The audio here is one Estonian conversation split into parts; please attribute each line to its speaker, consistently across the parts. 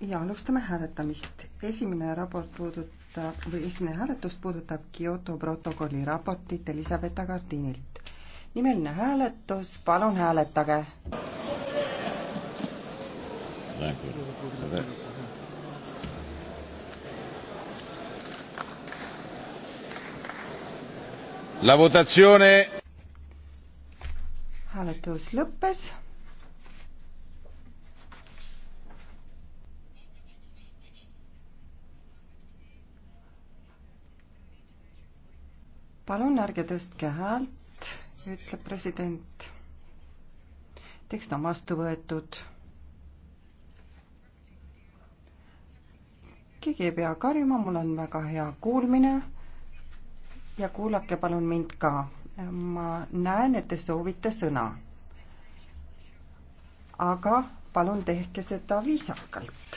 Speaker 1: ja alustame hääletamist. esimene raport puudutab või esimene hääletus puudutab Kyoto protokolli raportit Elisabetta Gardinilt. nimeline hääletus, palun hääletage.
Speaker 2: La votazione.
Speaker 1: hääletus lõppes palun ärge tõstke häält, ütleb president. tekst on vastu võetud. keegi ei pea karjuma, mul on väga hea kuulmine. ja kuulake palun mind ka. ma näen, et te soovite sõna. aga palun tehke seda viisakalt.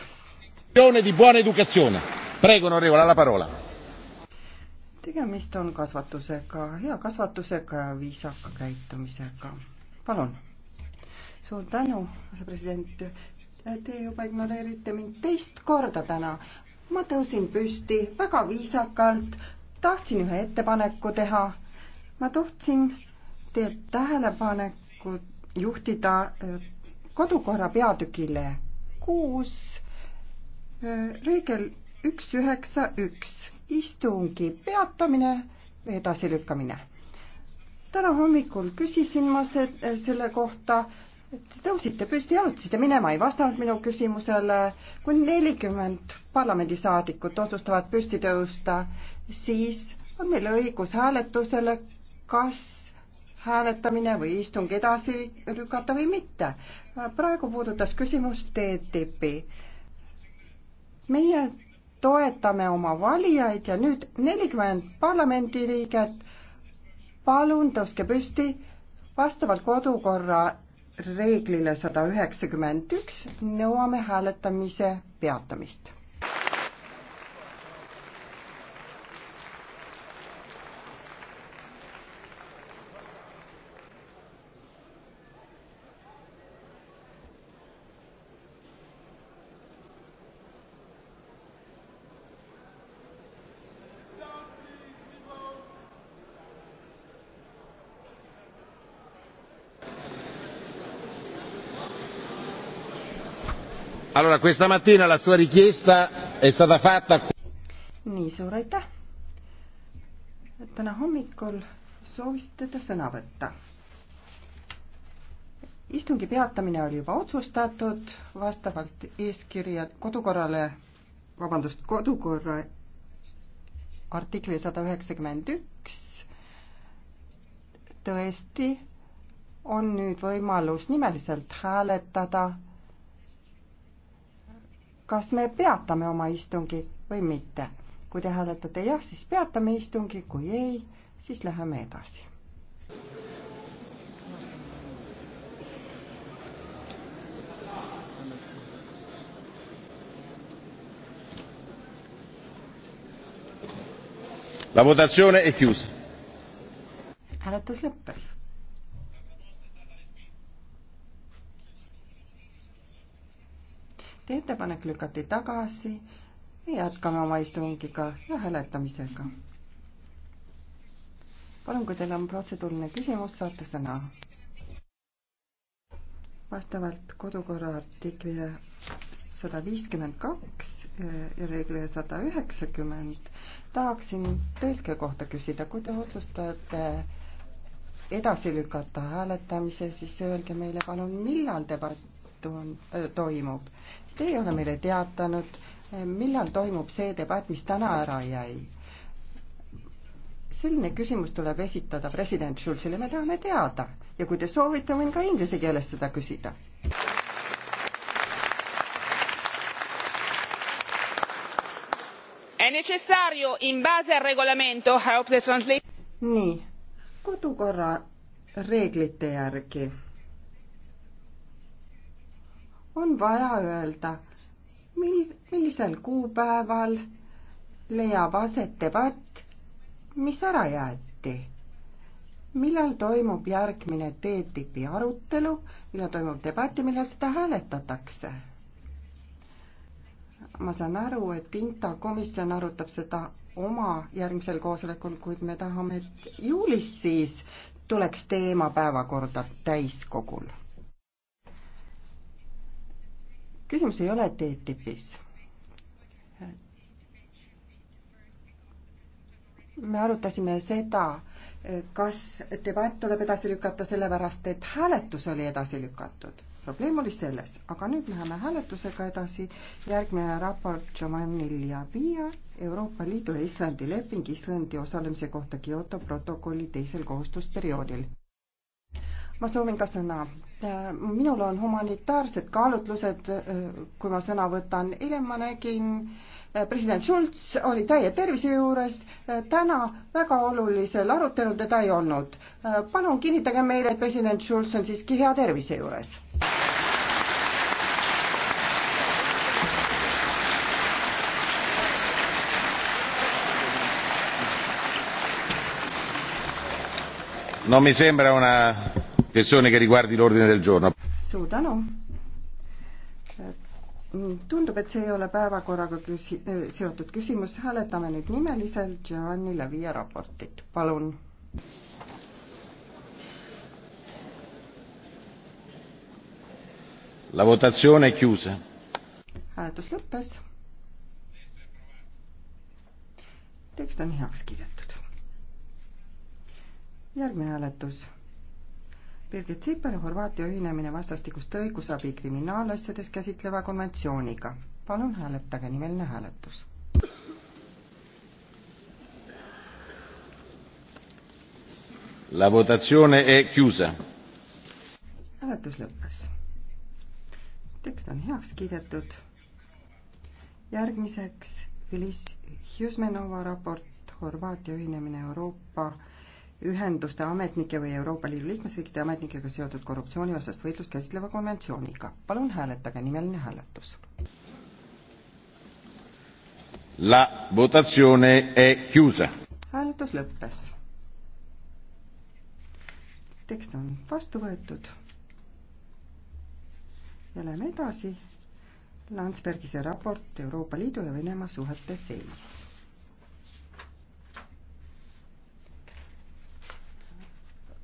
Speaker 2: Di buona educazione. Prego, onorevole, alla parola
Speaker 1: tegemist on kasvatusega, hea kasvatusega ja viisaka käitumisega. palun. suur tänu, asepresident. Te juba ignoreerite mind teist korda täna. ma tõusin püsti väga viisakalt, tahtsin ühe ettepaneku teha. ma tahtsin teie tähelepaneku juhtida äh, kodukorra peatükile kuus, äh, reegel üks üheksa üks istungi peatamine või edasilükkamine. täna hommikul küsisin ma se selle kohta, te tõusite püsti, jalutasite minema, ei vastanud minu küsimusele. kui nelikümmend parlamendisaadikut otsustavad püsti tõusta, siis on meil õigus hääletusele, kas hääletamine või istung edasi lükata või mitte. praegu puudutas küsimus TTIP-i. meie toetame oma valijaid ja nüüd nelikümmend parlamendiliiget, palun tõuske püsti vastavalt kodukorra reeglile sada üheksakümmend üks nõuame hääletamise peatamist
Speaker 2: Allora, questa mattina la sua richiesta è stata fatta...
Speaker 1: nii, suur aitäh! täna hommikul soovisite te sõna võtta. istungi peatamine oli juba otsustatud vastavalt eeskirja kodukorrale, vabandust, kodukorra artikli sada üheksakümmend üks. tõesti on nüüd võimalus nimeliselt hääletada kas me peatame oma istungi või mitte. kui te hääletate jah, siis peatame istungi, kui ei, siis läheme edasi.
Speaker 2: La votazione è chiusa.
Speaker 1: Hääletus lõppes tehti ettepanek, lükati tagasi. jätkame oma istungiga ja hääletamisega. palun, kui teil on protseduuriline küsimus, saate sõna. vastavalt kodukorra artiklile sada viiskümmend kaks ja reeglile sada üheksakümmend tahaksin tõlke kohta küsida, kui te otsustate edasi lükata hääletamise, siis öelge meile palun, millal debatt on, äh, toimub. Te ei ole meile teatanud, millal toimub see debatt, mis täna ära jäi selline küsimus tuleb esitada president Schulzile, me tahame teada ja kui te soovite, võin ka inglise keeles seda küsida. nii, kodukorra reeglite järgi on vaja öelda, mil, millisel kuupäeval leiab aset debatt, mis ära jäeti. millal toimub järgmine TTIP-i arutelu, millal toimub debatt ja millal seda hääletatakse? ma saan aru, et INTA komisjon arutab seda oma järgmisel koosolekul, kuid me tahame, et juulis siis tuleks teema päevakorda täiskogul küsimus ei ole TTIP-is. me arutasime seda, kas debatt tuleb edasi lükata sellepärast, et hääletus oli edasi lükatud probleem oli selles, aga nüüd läheme hääletusega edasi. järgmine raport Giovanni Liavia, Euroopa Liidu ja Islandi leping Islandi osalemise kohta Kyoto protokolli teisel kohustusperioodil ma soovin ka sõna. Äh, minul on humanitaarsed kaalutlused, äh, kui ma sõna võtan. eile ma nägin, äh, president Schulz oli täie tervise juures, täna väga olulisel arutelul teda ei olnud. palun kinnitage meile, et president Schulz on siiski hea tervise juures.
Speaker 2: no mi sembra una questione che riguardi l'ordine del giorno.
Speaker 1: suur tänu. tundub, et see ei ole päevakorraga küsi-, seotud küsimus, hääletame nüüd nimeliselt Giovanni Lavia raportit, palun.
Speaker 2: La votazione è chiusa.
Speaker 1: hääletus lõppes. tekst on heaks kiidetud. järgmine hääletus Birgit Sipel ja Horvaatia ühinemine vastastikust õigusabi kriminaalasjades käsitleva konventsiooniga. palun hääletage, nimeline hääletus.
Speaker 2: La votazione è chiusa.
Speaker 1: hääletus lõppes. tekst on heaks kiidetud. järgmiseks Felice Hjusmenova raport Horvaatia ühinemine Euroopa ühenduste ametnike või Euroopa Liidu liikmesriikide ametnikega seotud korruptsioonivastast võitlust käsitleva konventsiooniga. palun hääletage, nimeline hääletus.
Speaker 2: La votazione è chiusa.
Speaker 1: hääletus lõppes. tekst on vastu võetud. ja läheme edasi. Landsbergise raport Euroopa Liidu ja Venemaa suhete seis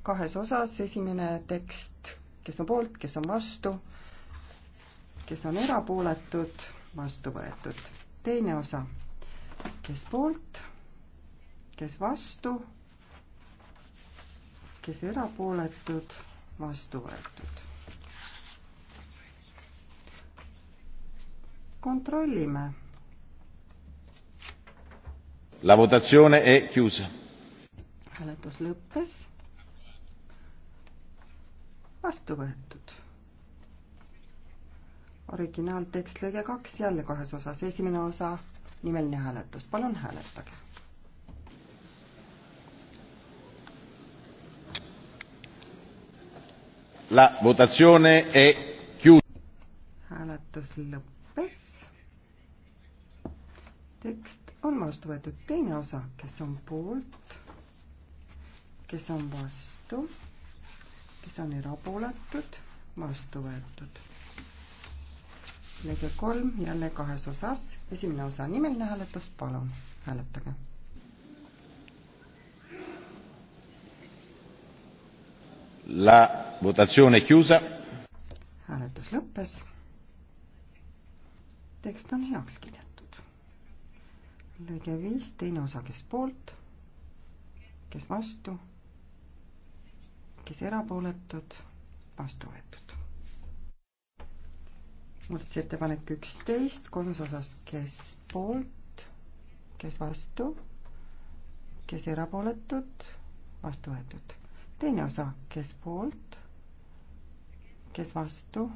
Speaker 1: kahes osas, esimene tekst, kes on poolt, kes on vastu, kes on erapooletud, vastu võetud. teine osa, kes poolt, kes vastu, kes erapooletud, vastu võetud. kontrollime.
Speaker 2: La votazione è chiusa.
Speaker 1: hääletus lõppes vastu võetud. originaaltekst lõige kaks jälle kahes osas, esimene osa, nimeline hääletus, palun hääletage.
Speaker 2: La votazione è chiusa.
Speaker 1: hääletus lõppes. tekst on vastu võetud, teine osa, kes on poolt, kes on vastu kes on erapooletud, vastu võetud. lõige kolm jälle kahes osas, esimene osa nimeline hääletus, palun hääletage
Speaker 2: la votazione è chiusa
Speaker 1: hääletus lõppes tekst on heaks kiidetud lõige viis teine osa kes poolt kes vastu kes erapooletud, vastu võetud. muudatusettepanek üksteist, kolmes osas, kes poolt, kes vastu, kes erapooletud, vastu võetud. teine osa, kes poolt, kes vastu,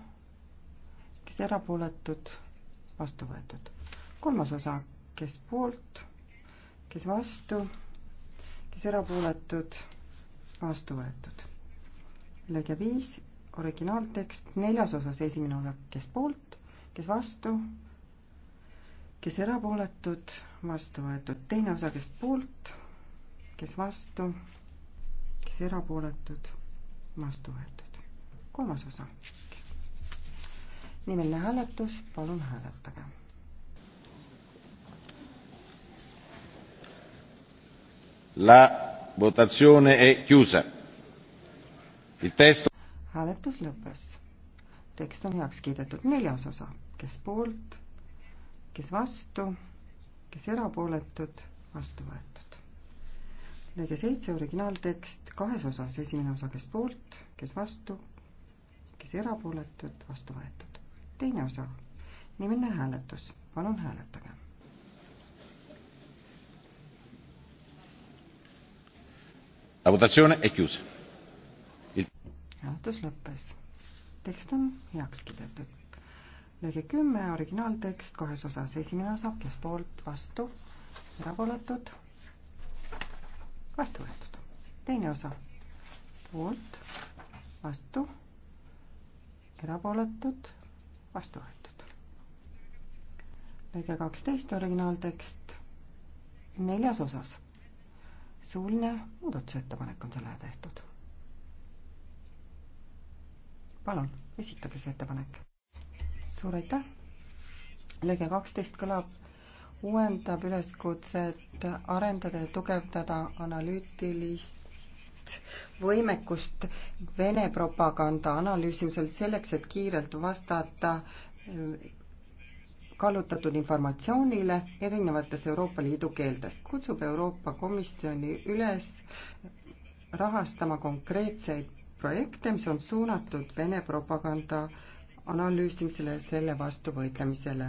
Speaker 1: kes erapooletud, vastu võetud. kolmas osa, kes poolt, kes vastu, kes erapooletud, vastu võetud lõige viis, originaaltekst, neljas osas esimene osa, kes poolt, kes vastu, kes erapooletud, vastu võetud, teine osa, kes poolt, kes vastu, kes erapooletud, vastu võetud, kolmas osa. nimeline hääletus, palun hääletage
Speaker 2: la votazione è chiusa
Speaker 1: hääletus lõppes. tekst on heaks kiidetud, neljas osa, kes poolt, kes vastu, kes erapooletud, vastu võetud. lõige seitse, originaaltekst kahes osas, esimene osa, kes poolt, kes vastu, kes erapooletud, vastu võetud. teine osa, nimeline hääletus, palun hääletage
Speaker 2: La votazione è chiusa
Speaker 1: hääletus lõppes. tekst on heaks kiidetud. lõige kümme, originaaltekst kahes osas, esimene osa, kes poolt, vastu, erapooletud, vastu võetud. teine osa, poolt, vastu, erapooletud, vastu võetud. lõige kaksteist, originaaltekst neljas osas. suuline muudatusettepanek on selle tehtud palun, esitage see ettepanek. suur aitäh. lõige kaksteist kõlab, uuendab üleskutset arendada ja tugevdada analüütilist võimekust Vene propaganda analüüsimisel selleks, et kiirelt vastata eh, kallutatud informatsioonile erinevates Euroopa Liidu keeltes. kutsub Euroopa Komisjoni üles rahastama konkreetseid projekte, mis on suunatud Vene propaganda analüüsimisele, selle vastu võitlemisele.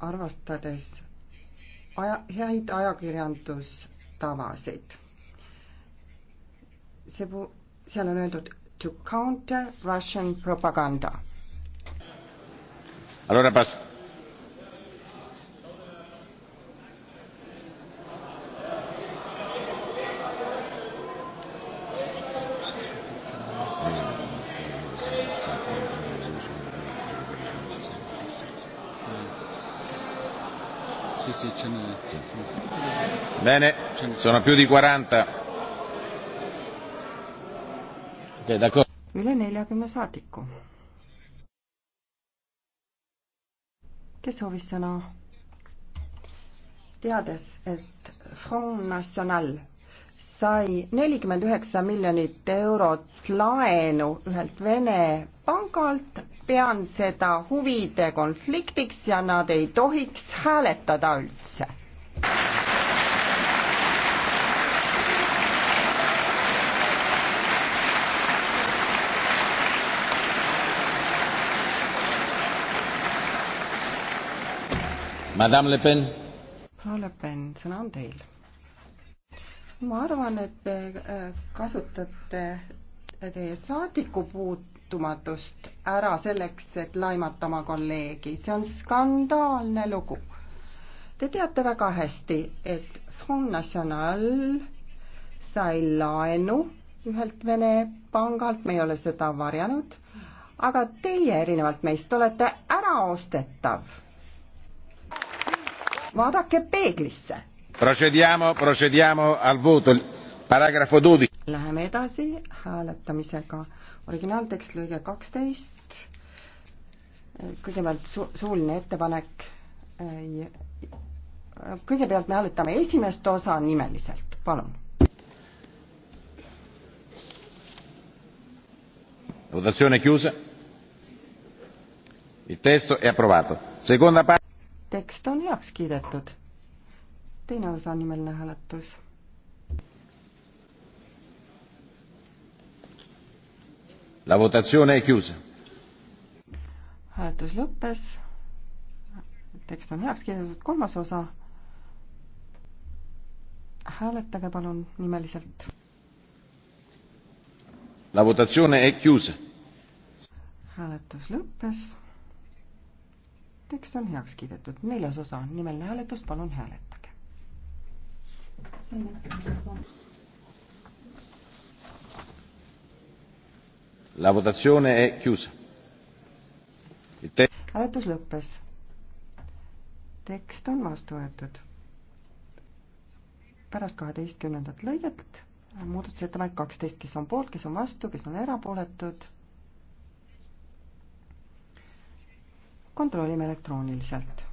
Speaker 1: arvestades aja, häid ajakirjandustavasid. see pu-, seal on öeldud to counter Russian propaganda.
Speaker 2: Allora pas-, Bene, sono più di 40. üle neljakümne saadiku.
Speaker 1: kes soovis sõna? teades, et Front National sai nelikümmend üheksa miljonit eurot laenu ühelt Vene pangalt, pean seda huvide konfliktiks ja nad ei tohiks hääletada üldse
Speaker 2: Madame Le Pen.
Speaker 1: proua Le Pen, sõna on teil. ma arvan, et te äh, kasutate teie saadikupuutumatust ära selleks, et laimata oma kolleegi, see on skandaalne lugu. Te teate väga hästi, et Front National sai laenu ühelt Vene pangalt, me ei ole seda varjanud, aga teie erinevalt meist olete äraostetav vaadake peeglisse.
Speaker 2: Procediamo, procediamo al voto. paragrahv tuudi.
Speaker 1: Läheme edasi hääletamisega. originaaltekst lõige kaksteist. kõigepealt su-, suuline ettepanek. Eh, kõigepealt me hääletame esimest osa nimeliselt, palun.
Speaker 2: Votazione chiusa. Il testo è approvato. Seconda parte
Speaker 1: tekst on heaks kiidetud. teine osa nimeline hääletus.
Speaker 2: La votazione è chiusa.
Speaker 1: hääletus lõppes. tekst on heaks kiidetud, kolmas osa. hääletage palun nimeliselt.
Speaker 2: La votazione è chiusa.
Speaker 1: hääletus lõppes tekst on heaks kiidetud. neljas osa, nimeline hääletus, palun hääletage.
Speaker 2: La votazione è chiusa.
Speaker 1: hääletus lõppes. tekst on vastu võetud. pärast kaheteistkümnendat lõiget äh, muudatusettepanek kaksteist, kes on poolt, kes on vastu, kes on erapooletud kontrollime elektrooniliselt.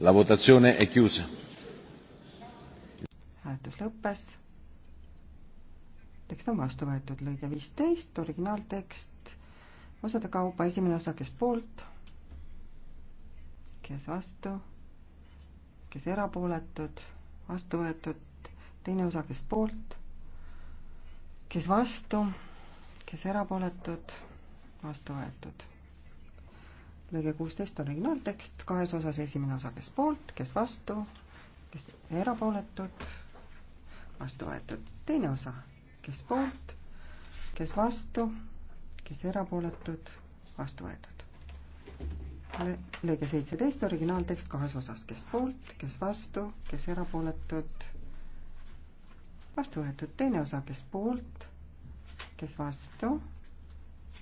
Speaker 2: La votazione è chiusa.
Speaker 1: hääletus lõppes. tekst on vastu võetud, lõige viisteist, originaaltekst, osade kaupa esimene osa, kes poolt, kes vastu, kes erapooletud, vastu võetud, teine osa, kes poolt, kes vastu kes erapooletud, vastu võetud. lõige kuusteist originaaltekst, kahes osas esimene osa, kes poolt, kes vastu, kes erapooletud, vastu võetud. teine osa, kes poolt, kes vastu, kes erapooletud, vastu võetud Le. lõige seitseteist, originaaltekst kahes osas, kes poolt, kes vastu, kes erapooletud, vastu võetud. teine osa, kes poolt, kes vastu,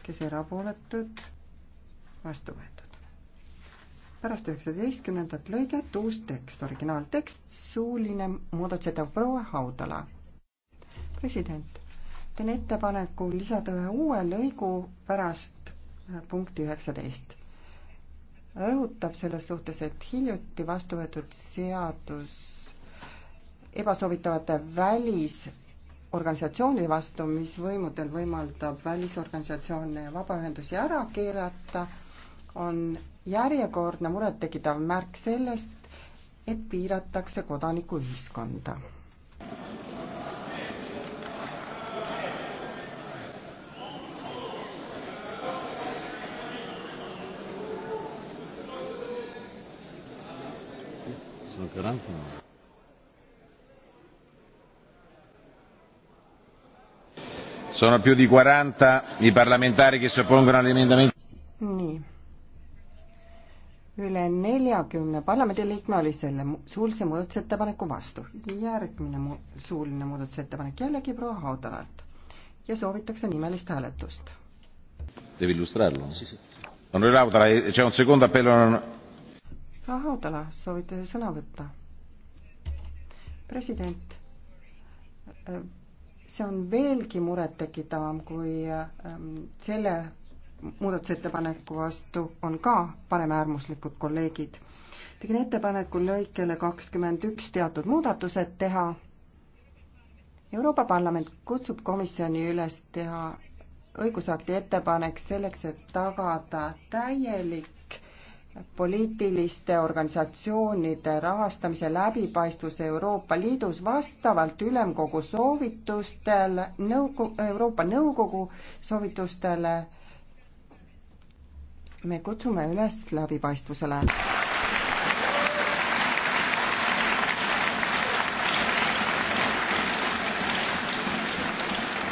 Speaker 1: kes erapooletud, vastu võetud. pärast üheksateistkümnendat lõiget uus tekst, originaaltekst, suuline muudatusettepanek proua Haudala. president, teen ettepaneku lisada ühe uue lõigu pärast äh, punkti üheksateist rõhutab selles suhtes, et hiljuti vastu võetud seadus ebasoovitavate välis organisatsiooni vastu, mis võimudel võimaldab välisorganisatsioone ja vabaühendusi ära keelata, on järjekordne murettekitav märk sellest, et piiratakse kodanikuühiskonda.
Speaker 2: see on ka rämpne. sono più di quaranta i parlamentari che si oppongono agli emendamenti.
Speaker 1: nii. üle neljakümne parlamendiliikme oli selle suulise muudatusettepaneku vastu. järgmine mu suuline muudatusettepanek jällegi proua Haudalalt ja soovitakse nimelist hääletust.
Speaker 2: Devi illustrarlo? Onorevole Haudala, eh, c'è un secondo appello on...?
Speaker 1: proua Haudala, soovite sõna võtta? president äh, see on veelgi murettekitavam, kui ähm, selle muudatusettepaneku vastu on ka paremäärmuslikud kolleegid. tegin ettepaneku lõikele kakskümmend üks teatud muudatused teha. Euroopa Parlament kutsub komisjoni üles teha õigusakti ettepanek selleks, et tagada täielik poliitiliste organisatsioonide rahastamise läbipaistvus Euroopa Liidus vastavalt ülemkogu soovitustele, nõukogu, Euroopa Nõukogu soovitustele. me kutsume üles läbipaistvusele.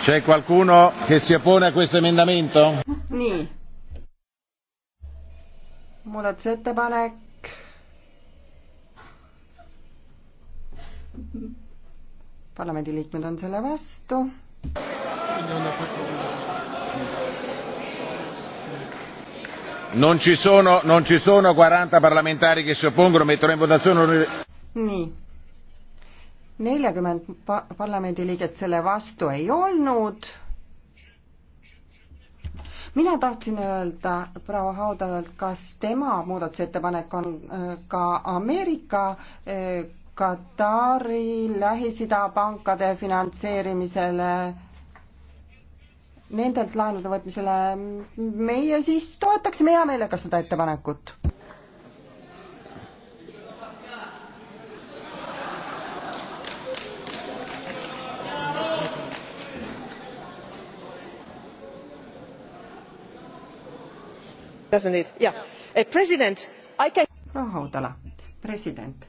Speaker 2: C'è qualcuno che si oppone a questo emendamento?
Speaker 1: Nii muudatusettepanek. parlamendiliikmed on selle vastu.
Speaker 2: Non ci sono, non ci sono 40 parlamentari che si oppongono, metterò in votazione.
Speaker 1: Nii. nelikümmend parlamendiliiget selle vastu ei olnud mina tahtsin öelda proua Haudalalt, kas tema muudatusettepanek on äh, ka Ameerika äh, Katari Lähis-Ida pankade finantseerimisele, nendelt laenude võtmisele, meie siis toetaksime hea meelega seda ettepanekut Uh, proua Haudala, president,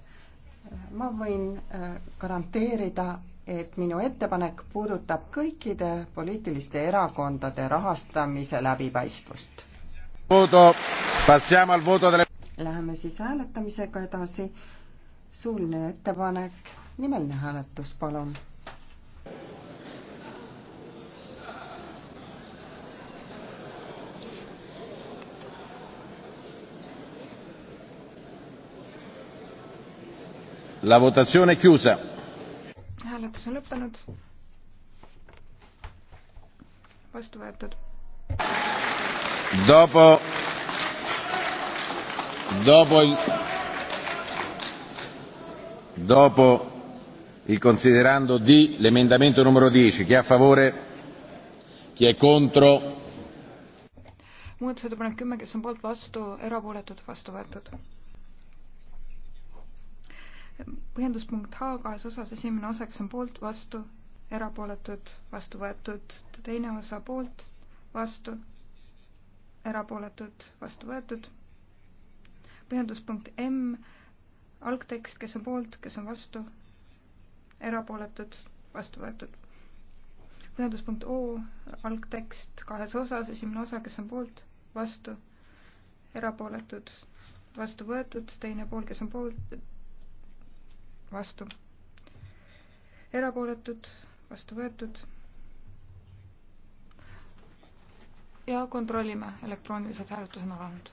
Speaker 1: ma võin äh, garanteerida, et minu ettepanek puudutab kõikide poliitiliste erakondade rahastamise läbipaistvust. Läheme siis hääletamisega edasi. suuline ettepanek, nimeline hääletus, palun
Speaker 2: La votazione chiusa.
Speaker 3: hääletus on lõppenud. vastu võetud.
Speaker 2: Dopo, dopo il, dopo il considerando D l'emendamento numero 10, chi è a favore, chi è contro.
Speaker 3: muudatusettepanek kümme, kes on poolt, vastu, erapooletud, vastu võetud põhjenduspunkt H kahes osas, esimene osa, kes on poolt, vastu, erapooletud, vastu võetud, teine osa poolt, vastu, erapooletud, vastu võetud. põhjenduspunkt M, algtekst, kes on poolt, kes on vastu, erapooletud, vastu võetud. põhjenduspunkt O, algtekst kahes osas, esimene osa, kes on poolt, vastu, erapooletud, vastu võetud, teine pool, kes on poolt, vastu. erapooletud, vastu võetud. ja kontrollime, elektroonilised hääletused on alanud.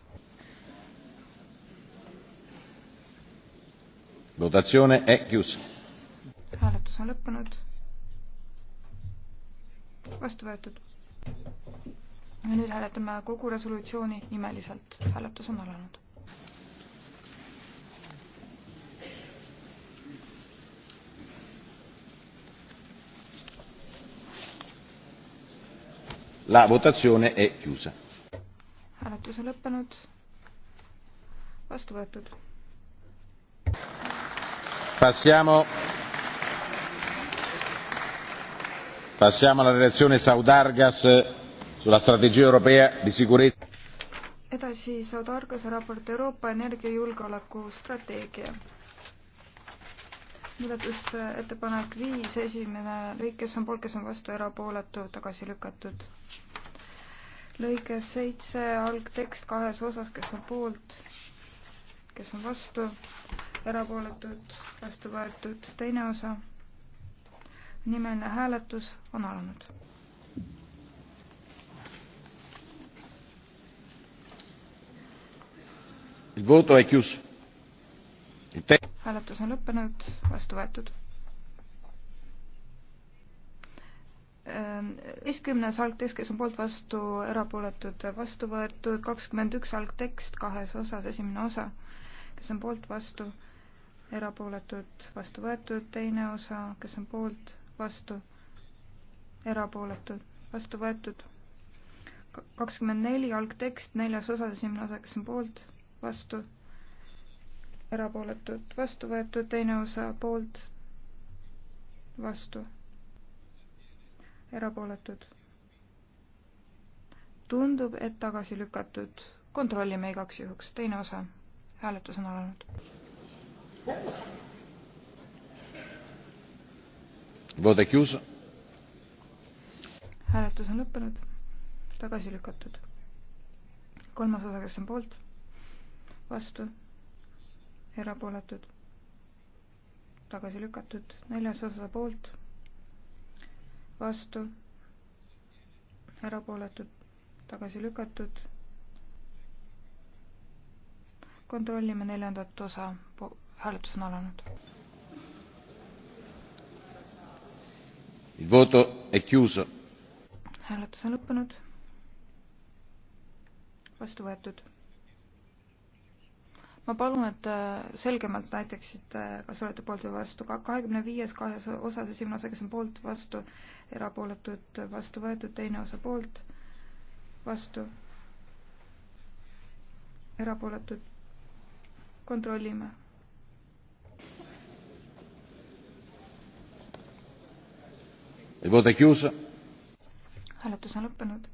Speaker 2: Votazione è chiusa.
Speaker 3: Hääletus on lõppenud. vastu võetud. ja nüüd hääletame kogu resolutsiooni nimeliselt. hääletus on alanud
Speaker 2: La votazione è chiusa.
Speaker 3: hääletus on lõppenud. vastu võetud.
Speaker 2: Passiamo passiamo alla relazione saudargas sulla strategia europea di sicurezza
Speaker 3: edasi saudargase raport euroopa energiajulgeoleku strateegia muudatusettepanek viis, esimene lõik, kes on poolt, kes on vastu, erapooletu, tagasi lükatud. lõige seitse, algtekst kahes osas, kes on poolt, kes on vastu, erapooletud, vastu võetud, teine osa. nimeline hääletus on alanud.
Speaker 2: Il voto è chiuso
Speaker 3: hääletus on lõppenud, vastu võetud. viiskümnes algtekst, kes on poolt vastu, erapooletud, vastu võetud, kakskümmend üks algtekst kahes osas, esimene osa, kes on poolt vastu, erapooletud, vastu võetud, teine osa, kes on poolt vastu, erapooletud, vastu võetud. kakskümmend neli algtekst neljas osas, esimene osa, kes on poolt, vastu erapooletud, vastu võetud, teine osa poolt, vastu, erapooletud. tundub, et tagasi lükatud, kontrollime igaks juhuks, teine osa, hääletus on alanud. hääletus on lõppenud, tagasi lükatud. kolmas osa, kes on poolt, vastu erapooletud, tagasi lükatud, neljas osa poolt, vastu, erapooletud, tagasi lükatud. kontrollime neljandat osa, hääletus on alanud. hääletus on lõppenud. vastu võetud ma palun, et äh, selgemalt näitaksite, äh, kas olete poolt või vastu. kahekümne viies kahes osas esimene osa, kes on poolt, vastu, erapooletud, vastu võetud, teine osa poolt, vastu, erapooletud. kontrollime
Speaker 2: Il voto è chiuso.
Speaker 3: Hääletus on lõppenud.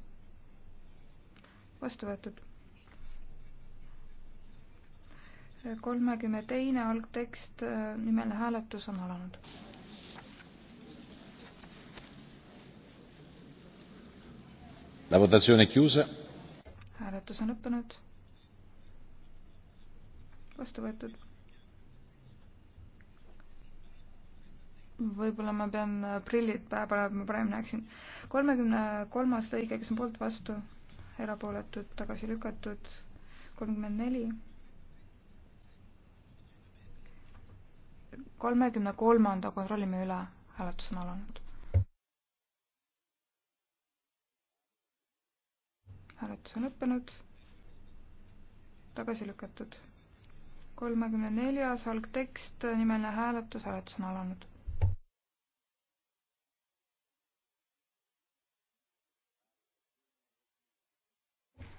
Speaker 3: Vastu võetud. kolmekümne teine algtekst, äh, nimeline hääletus on alanud. hääletus on lõppenud. vastu võetud. võib-olla ma pean äh, prillid pähe panema, ma parem näeksin. kolmekümne kolmas lõige, kes on poolt vastu, erapooletud, tagasi lükatud, kolmkümmend neli kolmekümne kolmanda kontrollime üle, hääletus on alanud. hääletus on lõppenud, tagasi lükatud. kolmekümne neljas algtekst, nimeline hääletus, hääletus on alanud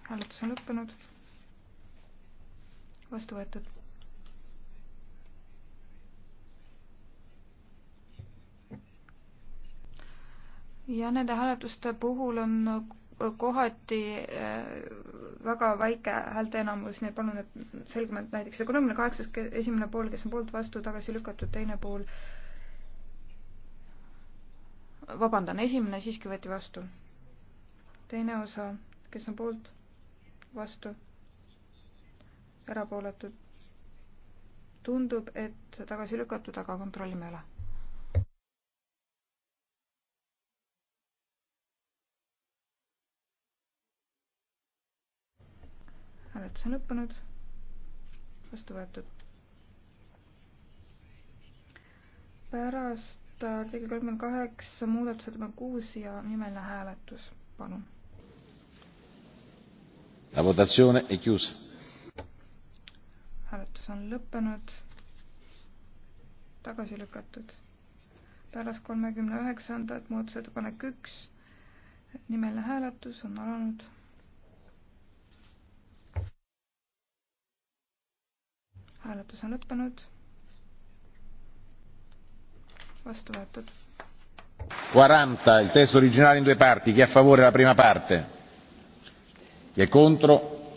Speaker 3: hääletus on lõppenud. vastu võetud. ja nende hääletuste puhul on kohati äh, väga väike häälteenamus, nii et palun, et selgemalt näiteks kolmekümne kaheksas, esimene pool, kes on poolt vastu, tagasi lükatud, teine pool. vabandan, esimene siiski võeti vastu. teine osa, kes on poolt, vastu, erapooletud. tundub, et tagasi lükatud, aga kontrollime üle hääletus on lõppenud. vastu võetud. pärast artikkel kolmkümmend kaheksa muudatusettepanek kuus ja nimeline hääletus, palun.
Speaker 2: La votazione è chiusa.
Speaker 3: hääletus on lõppenud. tagasi lükatud. pärast kolmekümne üheksandat muudatusettepanek üks, nimeline hääletus on alanud hääletus on lõppenud. vastu võetud.
Speaker 2: Quaranta, il testo originale in due parti, chi è a favore della prima parte? Chi è contro?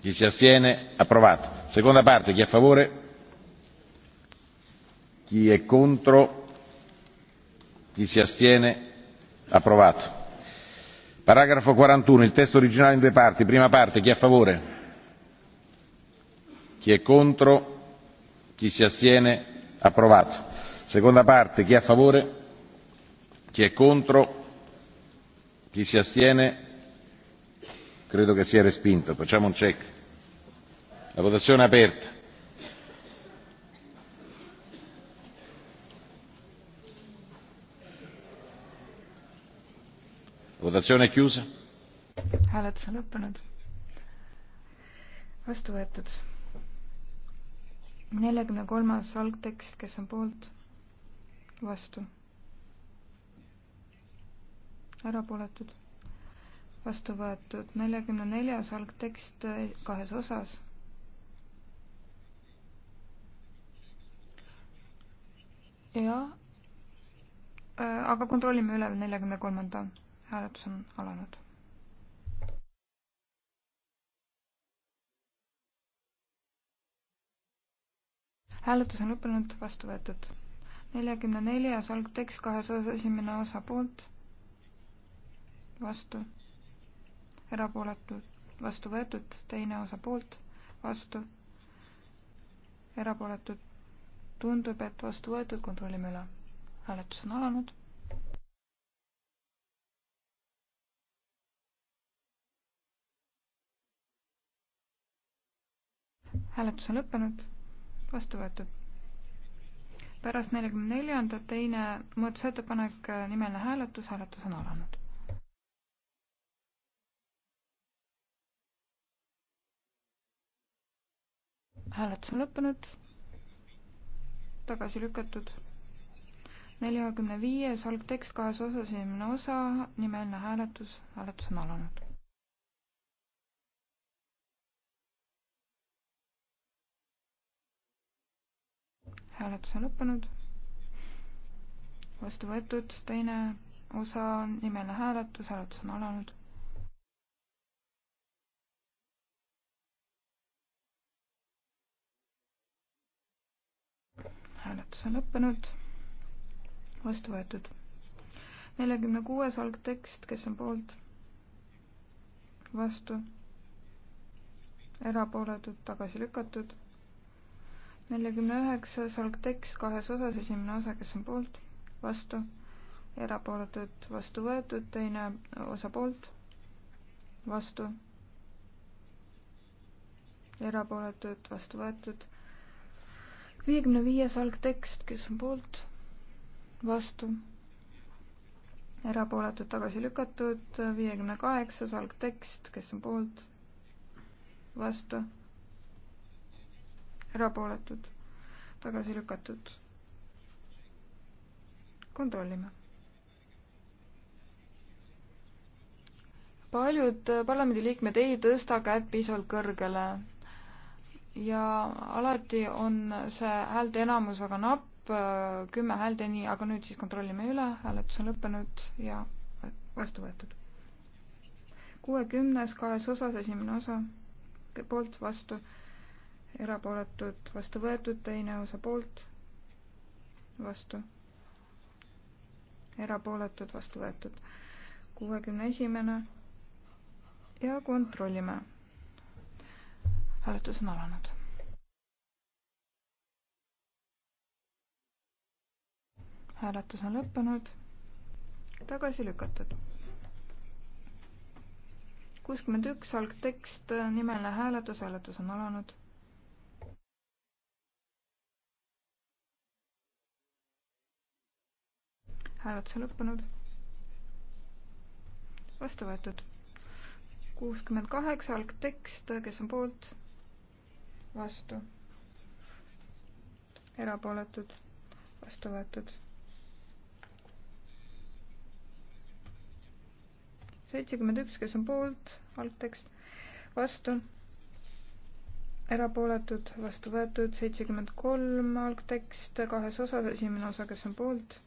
Speaker 2: Chi si astiene? Approvato. Seconda parte, chi è a favore? Chi è contro? Chi si astiene? Approvato. Paragrafo 41, il testo originale in due parti, prima parte, chi è a favore? chi è contro chi si astiene approvato. seconda parte chi è a favore chi è contro chi si astiene credo che sia respinto facciamo un check la votazione è aperta votazione è chiusa
Speaker 3: hääletus on lõppenud vastu võetud neljakümne kolmas algtekst, kes on poolt, vastu, erapooletud, vastu võetud, neljakümne neljas algtekst eh, kahes osas. jah, eh, aga kontrollime üle, neljakümne kolmanda hääletus on alanud hääletus on lõppenud, vastu võetud. neljakümne neljas algtekst kahes osas, esimene osa poolt, vastu, erapooletud, vastu võetud, teine osa poolt, vastu, erapooletud. tundub, et vastu võetud, kontrollime üle. hääletus on alanud hääletus on lõppenud vastu võetud. pärast neljakümne neljanda teine muudatusettepanek, äh, nimeline hääletus, hääletus on alanud. hääletus on lõppenud, tagasi lükatud. neljakümne viies algtekst kahes osas, esimene osa, nimeline hääletus, hääletus on alanud. hääletus on lõppenud. vastu võetud, teine osa on nimeline hääletus, hääletus on alanud. hääletus on lõppenud, vastu võetud. neljakümne kuues algtekst, kes on poolt? vastu, erapooletud, tagasi lükatud neljakümne üheksas algtekst kahes osas, esimene osa, kes on poolt, vastu, erapooletud, vastu võetud, teine osa poolt, vastu, erapooletud, vastu võetud, viiekümne viies algtekst, kes on poolt, vastu, erapooletud, tagasi lükatud, viiekümne kaheksas algtekst, kes on poolt, vastu erapooletud, tagasi lükatud. kontrollime. paljud parlamendiliikmed ei tõsta kätt piisavalt kõrgele ja alati on see häälte enamus väga napp, kümme häälteni, aga nüüd siis kontrollime üle, hääletus on lõppenud ja vastu võetud. kuuekümnes kahes osas, esimene osa, poolt, vastu erapooletud, vastu võetud, teine osa poolt, vastu, erapooletud, vastu võetud. kuuekümne esimene ja kontrollime. hääletus on alanud. hääletus on lõppenud, tagasi lükatud kuuskümmend üks algtekst, nimeline hääletus, hääletus on alanud. hääletus on lõppenud. vastu võetud. kuuskümmend kaheksa, algtekst, kes on poolt? vastu. erapooletud, vastu võetud. seitsekümmend üks, kes on poolt, algtekst, vastu erapooletud, vastu võetud seitsekümmend kolm algtekst, kahes osas, esimene osa, kes on poolt,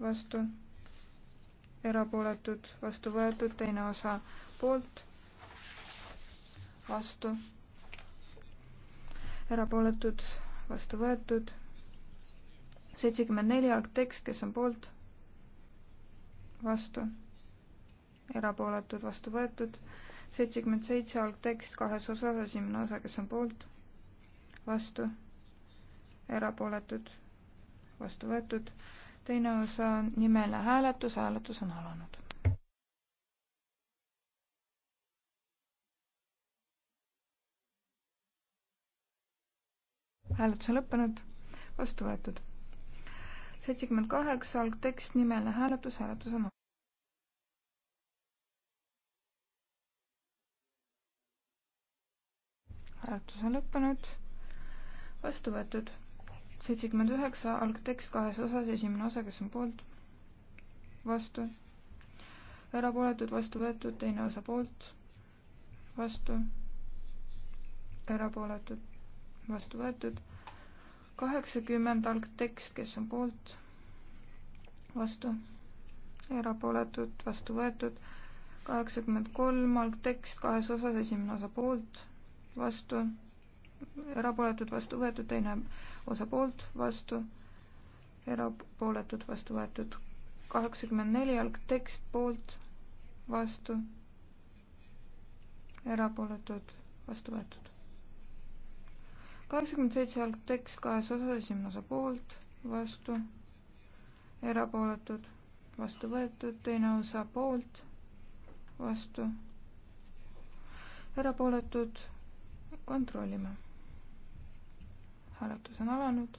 Speaker 3: vastu, erapooletud, vastu võetud, teine osa poolt, vastu, erapooletud, vastu võetud, seitsekümmend neli algtekst, kes on poolt, vastu, erapooletud, vastu võetud, seitsekümmend seitse algtekst kahes osas, esimene osa, kes on poolt, vastu, erapooletud, vastu võetud teine osa nimeline hääletus, hääletus on alanud. hääletus on lõppenud, vastu võetud. seitsekümmend kaheksa, algtekst, nimeline hääletus, hääletus on alanud. hääletus on lõppenud, vastu võetud seitsekümmend üheksa, algtekst kahes osas, esimene osa, kes on poolt, vastu, erapooletud, vastu võetud, teine osa poolt, vastu, erapooletud, vastu võetud, kaheksakümmend algtekst, kes on poolt, vastu, erapooletud, vastu võetud, kaheksakümmend kolm algtekst kahes osas, esimene osa poolt, vastu erapooletud, vastu võetud, teine osa poolt, vastu, erapooletud, vastu võetud. kaheksakümmend neli algtekst poolt, vastu, erapooletud, vastu võetud. kaheksakümmend seitse algtekst kahes osas, esimene osa poolt, vastu, erapooletud, vastu võetud, teine osa poolt, vastu, erapooletud, kontrollime hääletus on alanud.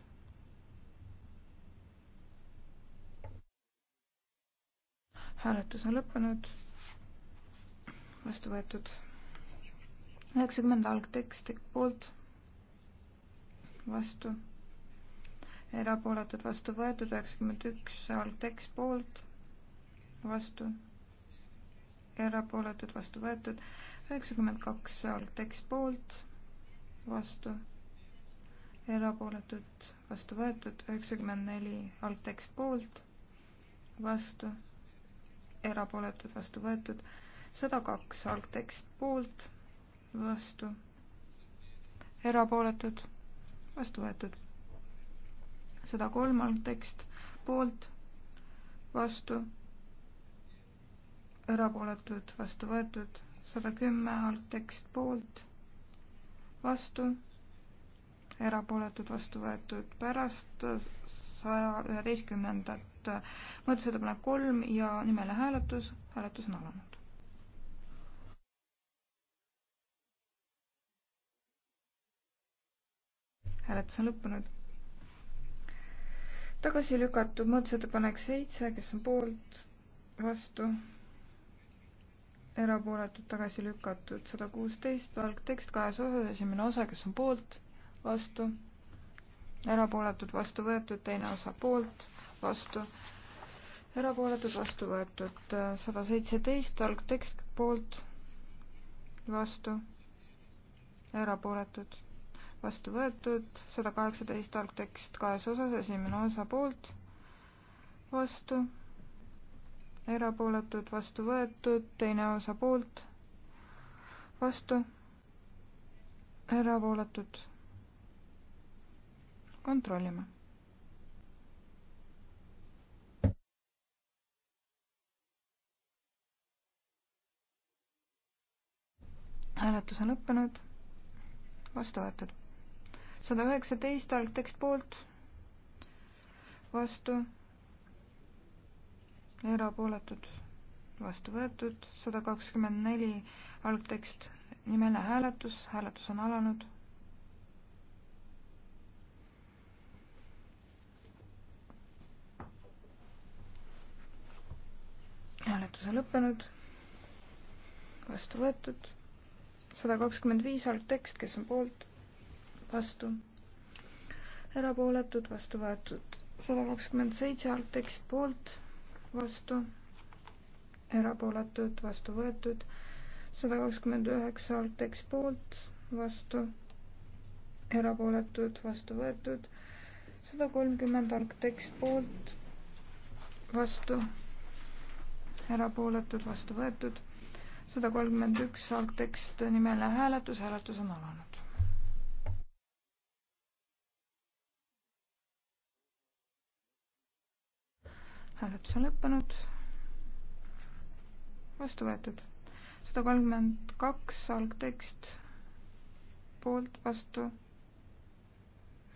Speaker 3: hääletus on lõppenud. vastu võetud üheksakümmend algteksti poolt, vastu, erapooletud vastu võetud, üheksakümmend üks algtekst poolt, vastu, erapooletud vastu võetud, üheksakümmend kaks algtekst poolt, vastu erapooletud, vastu võetud, üheksakümmend neli algtekst poolt, vastu, erapooletud, vastu võetud, sada kaks algtekst poolt, vastu, erapooletud, vastu võetud, sada kolm algtekst poolt, vastu, erapooletud, vastu võetud, sada kümme algtekst poolt, vastu erapooletud vastu võetud pärast saja üheteistkümnendat muudatusettepanek kolm ja nimeline hääletus, hääletus on alanud. hääletus on lõppenud. tagasi lükatud muudatusettepanek seitse, kes on poolt, vastu, erapooletud, tagasi lükatud, sada kuusteist, algtekst kahes osas, esimene osa, kes on poolt vastu, erapooletud, vastu võetud, teine osa poolt, vastu, erapooletud, vastu võetud, sada seitseteist, algtekst poolt, vastu, erapooletud, vastu võetud, sada kaheksateist, algtekst kahes osas, esimene osa poolt, vastu, erapooletud, vastu võetud, teine osa poolt, vastu, erapooletud kontrollime. hääletus on lõppenud, vastu võetud. sada üheksateist algtekst poolt, vastu, erapooletud, vastu võetud, sada kakskümmend neli algtekst, nimeline hääletus, hääletus on alanud hääletus on lõppenud, vastu võetud, sada kakskümmend viis algtekst, kes on poolt, vastu, erapooletud, vastu võetud, sada kakskümmend seitse algtekst poolt, vastu, erapooletud, vastu võetud, sada kakskümmend üheksa algtekst poolt, vastu, erapooletud, vastu võetud, sada kolmkümmend algtekst poolt, vastu erapooletud, vastu võetud. sada kolmkümmend üks algtekst, nimeline hääletus, hääletus on alanud. hääletus on lõppenud. vastu võetud. sada kolmkümmend kaks algtekst, poolt, vastu,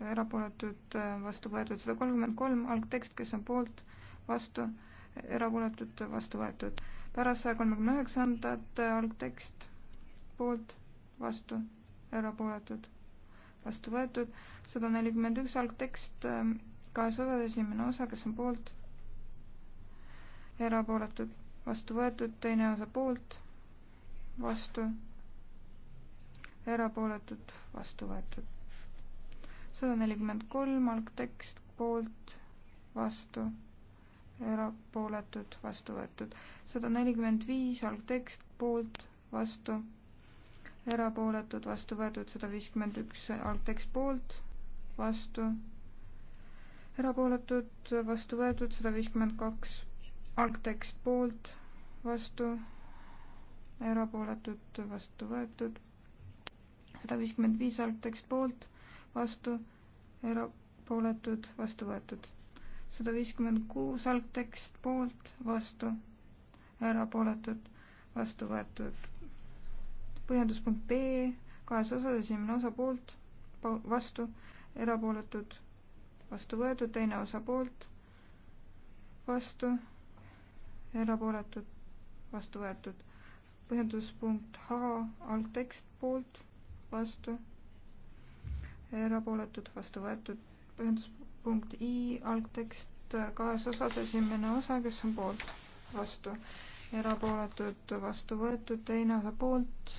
Speaker 3: erapooletud, vastu võetud. sada kolmkümmend kolm algtekst, kes on poolt, vastu erapooletud, vastu võetud. pärast saja kolmekümne üheksandat algtekst poolt, vastu, erapooletud, vastu võetud. sada nelikümmend üks algtekst kahes osas, esimene osa, kes on poolt, erapooletud, vastu võetud, teine osa poolt, vastu, erapooletud, vastu võetud sada nelikümmend kolm algtekst poolt, vastu, erapooletud, vastu võetud. sada nelikümmend viis algtekst poolt, vastu, erapooletud, vastu võetud, sada viiskümmend üks algtekst poolt, vastu, erapooletud, vastu võetud, sada viiskümmend kaks algtekst poolt, vastu, erapooletud, vastu võetud, sada viiskümmend viis algtekst poolt, vastu, erapooletud, vastu võetud sada viiskümmend kuus algtekst poolt, vastu, erapooletud, vastu võetud. põhjenduspunkt B kahes osas, esimene osa poolt, vastu, erapooletud, vastu võetud, teine osa poolt, vastu, erapooletud, vastu võetud. põhjenduspunkt H algtekst poolt, vastu, erapooletud, vastu võetud. põhjendus punkt I algtekst äh, kahes osas, esimene osa, kes on poolt, vastu, erapooletud, vastu võetud, teine osa poolt,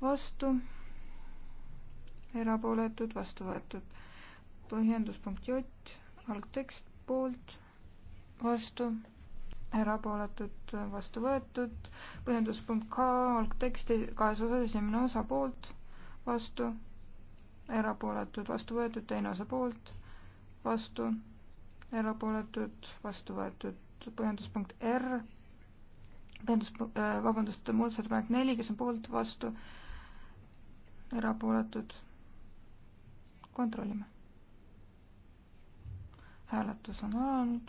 Speaker 3: vastu, erapooletud, vastu võetud. põhjendus punkt J, algtekst poolt, vastu, erapooletud, vastu võetud. põhjendus punkt K, algteksti kahes osas, esimene osa poolt, vastu, erapooletud, vastu võetud, teine osa poolt vastu, erapooletud, vastu võetud põhjenduspunkt R, põhjendus, äh, vabandust, muudatusettepanek neli, kes on poolt, vastu, erapooletud, kontrollime. hääletus on alanud.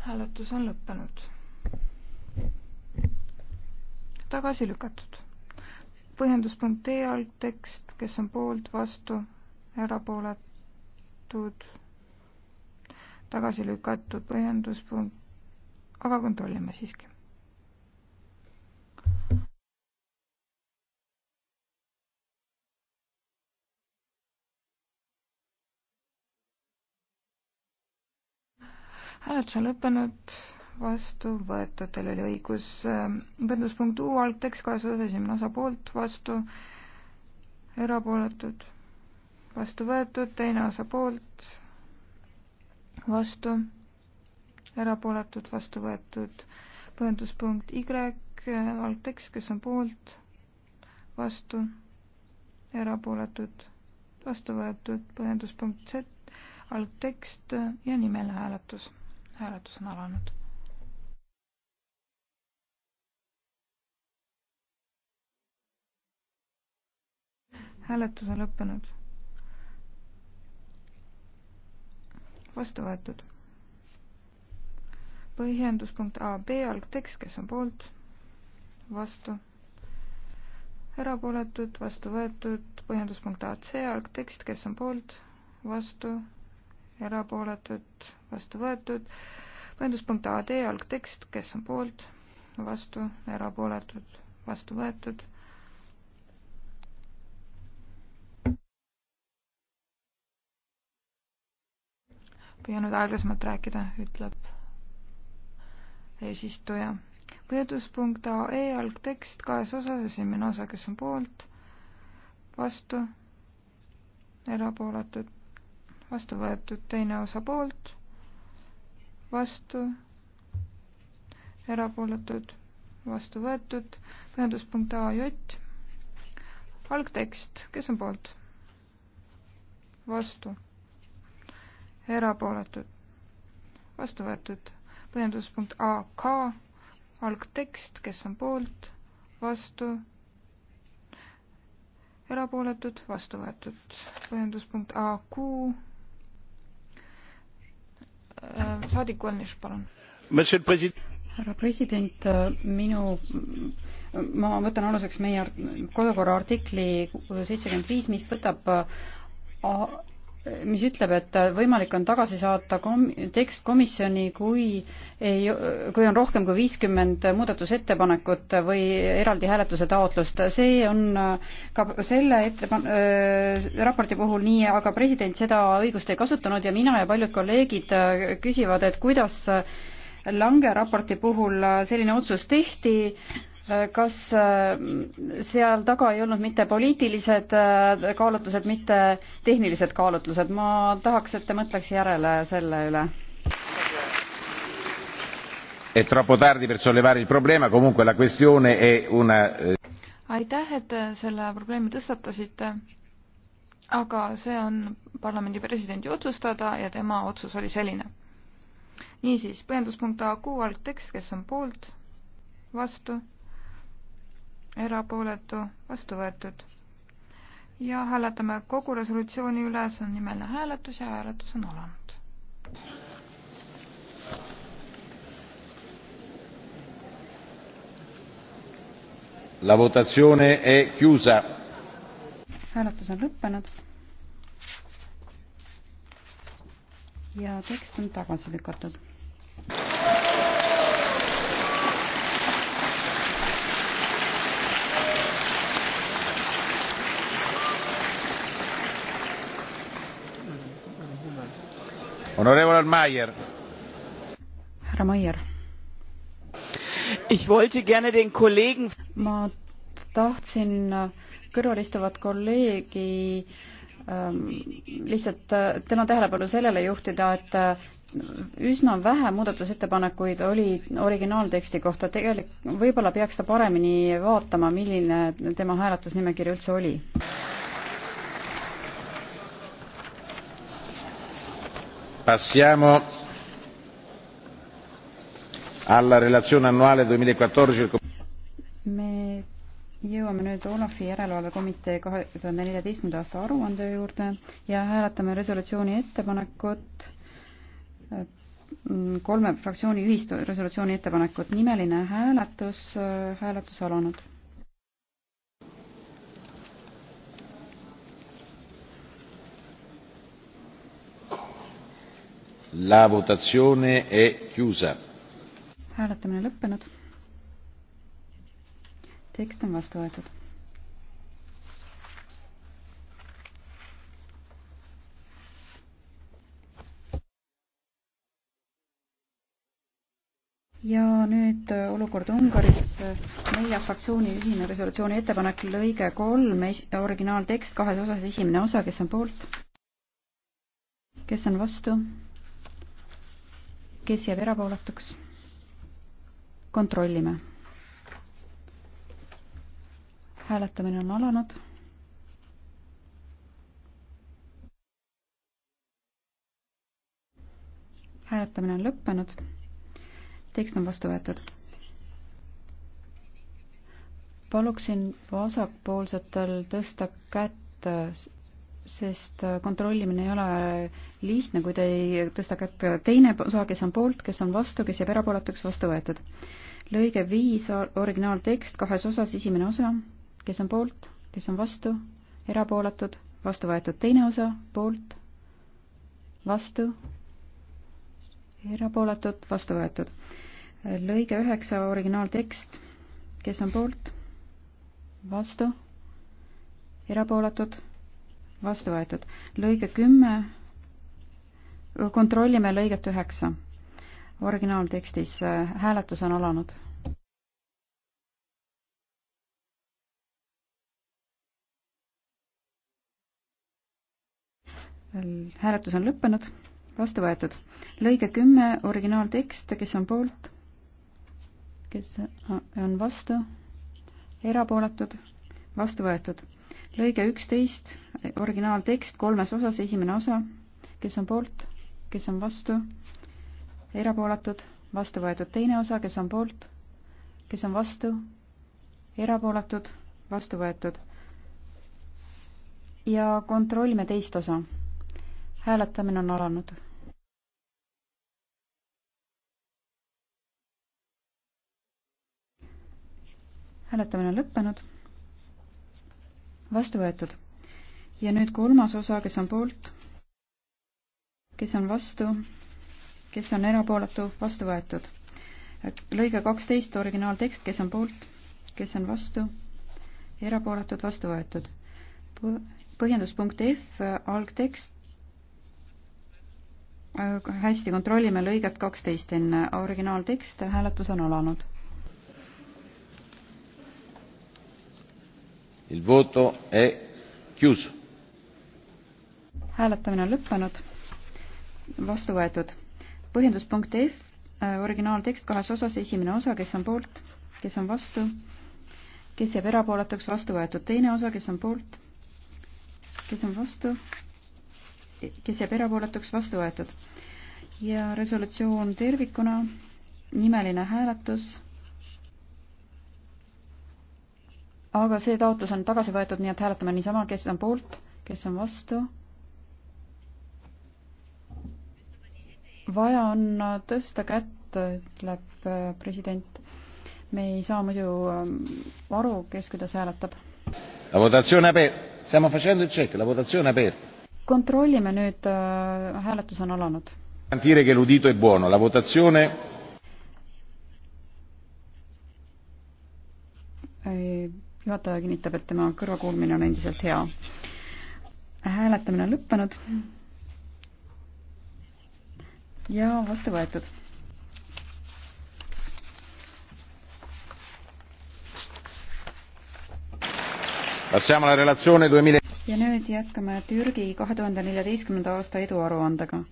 Speaker 3: hääletus on lõppenud. tagasi lükatud põhjenduspunkt E alt tekst, kes on poolt, vastu, erapooletud, tagasi lükatud põhjenduspunkt,
Speaker 2: aga kontrollime
Speaker 3: siiski. hääletus on lõppenud vastu võetud, teil oli õigus. põhjenduspunkt ähm, U algtekst kahes osas, esimene osa poolt, vastu, erapooletud, vastu võetud, teine osa poolt, vastu, erapooletud, vastu võetud. põhjenduspunkt Y algtekst, kes on poolt, vastu, erapooletud, vastu võetud. põhjenduspunkt Z algtekst ja nimeline hääletus. hääletus on alanud hääletus on lõppenud. vastu võetud. põhjendus punkt A, B algtekst, kes on poolt, vastu, erapooletud, vastu võetud, põhjendus punkt A, C algtekst, kes on poolt, vastu, erapooletud, vastu võetud, põhjendus punkt A, D algtekst, kes on poolt, vastu, erapooletud, vastu võetud püüan nüüd aeglasemalt rääkida, ütleb eesistuja. põhjendus.ee algtekst kahes osas, esimene osa, kes on poolt, vastu, erapooletud, vastu võetud, teine osa poolt, vastu, erapooletud, vastu võetud, põhjendus.aj, algtekst, kes on poolt, vastu erapooletud, vastu võetud. põhjenduspunkt AK, algtekst, kes on poolt, vastu, erapooletud, vastu võetud. põhjenduspunkt AQ, äh, saadik Olniš, palun. härra president,
Speaker 4: äh, minu ma võtan aluseks meie kodukorra artikli seitsekümmend viis, mis võtab äh, mis ütleb, et võimalik on tagasi saata kom-, tekst komisjoni, kui ei, kui on rohkem kui viiskümmend muudatusettepanekut või eraldi hääletuse taotlust. see on ka selle ettepan- äh,, raporti puhul nii, aga president seda õigust ei kasutanud ja mina ja paljud kolleegid küsivad, et kuidas Lange raporti puhul selline otsus tehti äh,, Äh, kas äh, seal taga ei olnud mitte poliitilised äh, kaalutlused, mitte tehnilised kaalutlused, ma tahaks, et te mõtleks järele
Speaker 3: selle üle.
Speaker 2: Una... Eh.
Speaker 3: aitäh, et selle probleemi tõstatasite, aga see on parlamendi presidendi otsustada ja tema otsus oli selline. niisiis, põhjenduspunkt AQ algtekst, kes on poolt, vastu erapooletu, vastu võetud. ja hääletame kogu resolutsiooni üle, see on nimeline hääletus ja hääletus on alanud.
Speaker 2: La votazione è chiusa.
Speaker 4: hääletus on lõppenud. ja tekst on tagasi lükatud
Speaker 2: Honorevole Almaier. härra Maier.
Speaker 4: Ich wollte gerne den Kollegen. ma tahtsin kõrval istuvat kolleegi ähm, lihtsalt äh, tema tähelepanu sellele juhtida, et äh, üsna vähe muudatusettepanekuid oli originaalteksti kohta, tegelik-, võib-olla peaks ta paremini vaatama, milline tema hääletusnimekiri üldse oli.
Speaker 2: passiamo alla relazione annuale 2014
Speaker 4: me jõuame nüüd Olafi järelevalvekomitee kahe tuhande neljateistkümnenda aasta aruande juurde ja hääletame resolutsiooni ettepanekut, äh, kolme fraktsiooni ühist resolutsiooni ettepanekut, nimeline hääletus, äh, hääletus alanud
Speaker 2: La votazione è chiusa.
Speaker 4: hääletamine lõppenud. tekst on vastu võetud. ja nüüd olukord Ungaris. meie fraktsiooni ühine resolutsiooni ettepanek lõige kolm, originaaltekst kahes osas, esimene osa, kes on poolt? kes on vastu? kes jääb erapooletuks? kontrollime. hääletamine on alanud. hääletamine on lõppenud. tekst on vastu võetud. paluksin vasakpoolsetel tõsta kätt sest kontrollimine ei ole lihtne, kui te ei tõsta kätt. teine osa, kes on poolt, kes on vastu, kes jääb erapooletuks, vastu võetud. lõige viis, originaaltekst kahes osas, esimene osa, kes on poolt, kes on vastu, erapooletud, vastu võetud. teine osa, poolt, vastu, erapooletud, vastu võetud. lõige üheksa, originaaltekst, kes on poolt, vastu, erapooletud vastu võetud. lõige kümme, kontrollime lõiget üheksa. originaaltekstis äh, hääletus on alanud. hääletus on lõppenud, vastu võetud. lõige kümme, originaaltekst, kes on poolt, kes äh, on vastu, erapooletud, vastu võetud lõige üksteist, originaaltekst kolmes osas, esimene osa, kes on poolt, kes on vastu, erapooletud, vastu võetud teine osa, kes on poolt, kes on vastu, erapooletud, vastu võetud. ja kontrollime teist osa. hääletamine on alanud. hääletamine on lõppenud vastu võetud. ja nüüd kolmas osa, kes on poolt, kes on vastu, kes on erapooletu, vastu võetud. lõige kaksteist, originaaltekst, kes on poolt, kes on vastu, erapooletud, vastu võetud. põhjenduspunkt F, algtekst, äh, hästi, kontrollime lõiget kaksteist enne, originaaltekst, hääletus on alanud
Speaker 2: il voto è chiuso
Speaker 4: hääletamine on lõppenud vastu võetud põhjenduspunkt F äh, originaaltekst kahes osas esimene osa kes on poolt kes on vastu kes jääb erapooletuks vastu võetud teine osa kes on poolt kes on vastu kes jääb erapooletuks vastu võetud ja resolutsioon tervikuna nimeline hääletus aga see taotlus on tagasi võetud, nii et hääletame niisama, kes on poolt, kes on vastu. vaja on tõsta kätt, ütleb äh, president. me ei saa muidu ähm, aru, kes kuidas hääletab. kontrollime nüüd, äh, hääletus on alanud.
Speaker 2: Garantire che l'udito è buono, la votazione
Speaker 4: juhataja kinnitab, et tema kõrvakuulmine on endiselt hea. hääletamine on lõppenud. ja vastu võetud. ja nüüd jätkame Türgi kahe tuhande neljateistkümnenda aasta eduaruandega